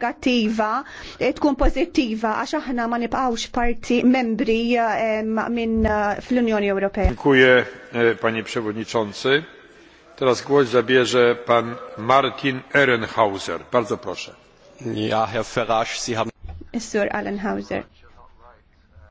negattiva eh, tkun pozittiva għax aħna ma nibqgħux parti membri eh, minn eh, fl-Unjoni Ewropea. Dziękuję panie przewodniczący. Teraz głos zabierze pan Martin Ehrenhauser. Bardzo proszę. Ja, Herr Farage, Sie haben Is-Sur Allenhauser.